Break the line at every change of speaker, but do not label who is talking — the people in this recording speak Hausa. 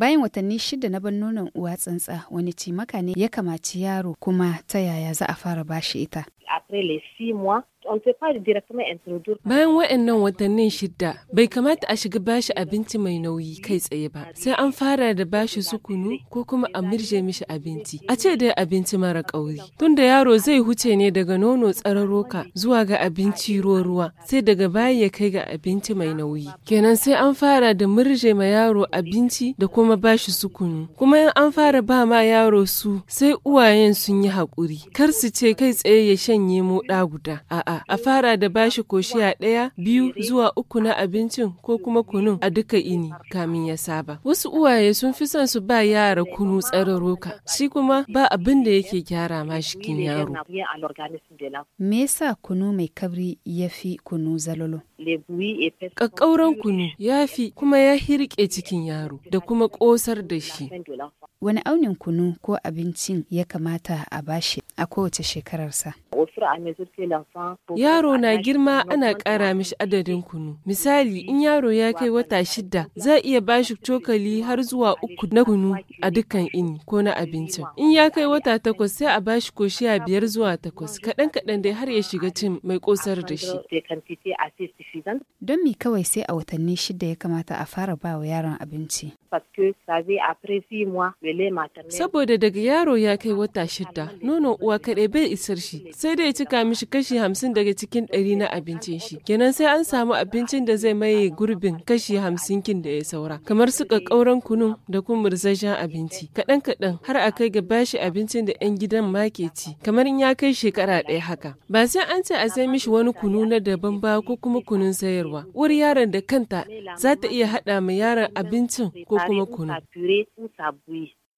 Bayan watanni shida na ban nonon uwa tsantsa wani cimaka ne ya kamaci yaro kuma ta yaya za a fara bashi ita. Bayan
waɗannan watannin shidda, bai kamata a shiga bashi abinci mai nauyi kai tsaye ba, sai an fara da bashi sukunu ko kuma a mirje mishi abinci. A ce dai abinci mara kauri Tunda yaro zai huce ne daga nono tsararoka zuwa ga abinci ruwa sai daga baya ya kai ga abinci mai nauyi. Kenan sai an fara da mirje ma yaro abinci da kuma bashi sukunu. Kuma in an fara ba ma yaro su sai uwayen sun yi haƙuri. Kar su ce kai tsaye ya shanye mu moɗa guda. A'a, a fara da bashi koshiya ɗaya, biyu zuwa uku na abincin ko kuma kunun a duka ini kamin ya saba. Wasu uwaye sun fi son su ba yara kunu tsararoka, shi kuma ba abin da yake gyara ma shikin yaro.
Me yasa kunu mai kabri ya fi kunu zalolo?
Ƙaƙƙauran kunu ya fi
kuma ya hirƙe cikin yaro da kuma ƙosar da shi. Wani aunin kunu ko abincin ya kamata a bashi a kowace shekararsa? Yaro na girma ana ƙara mishi
adadin kunu. Misali, in yaro ya kai wata shida, za a iya bashi cokali har zuwa uku na kunu a dukkan ini ko na abincin. In ya kai wata takwas sai a bashi koshiya biyar zuwa takwas, kaɗan kaɗan dai har ya shiga cin mai ƙosar da shi.
Don me kawai sai a watanni shida ya kamata a fara ba wa yaron abinci?
Saboda daga yaro ya kai wata shida, nono uwa kaɗai bai isar shi, sai da zai cika mishi kashi hamsin daga cikin ɗari na abincin shi. Kenan sai an samu abincin da zai maye gurbin kashi hamsin kin da ya saura. Kamar su ƙauren kunun da kuma murzajen abinci. Kaɗan kaɗan har a kai ga bashi abincin da 'yan gidan ma ke ci. Kamar in ya kai shekara ɗaya haka. Ba sai an ce a sai mishi wani kunu na daban ba ko kuma kunun sayarwa. Uwar yaron da kanta za ta iya haɗa ma yaron abincin ko kuma kunu.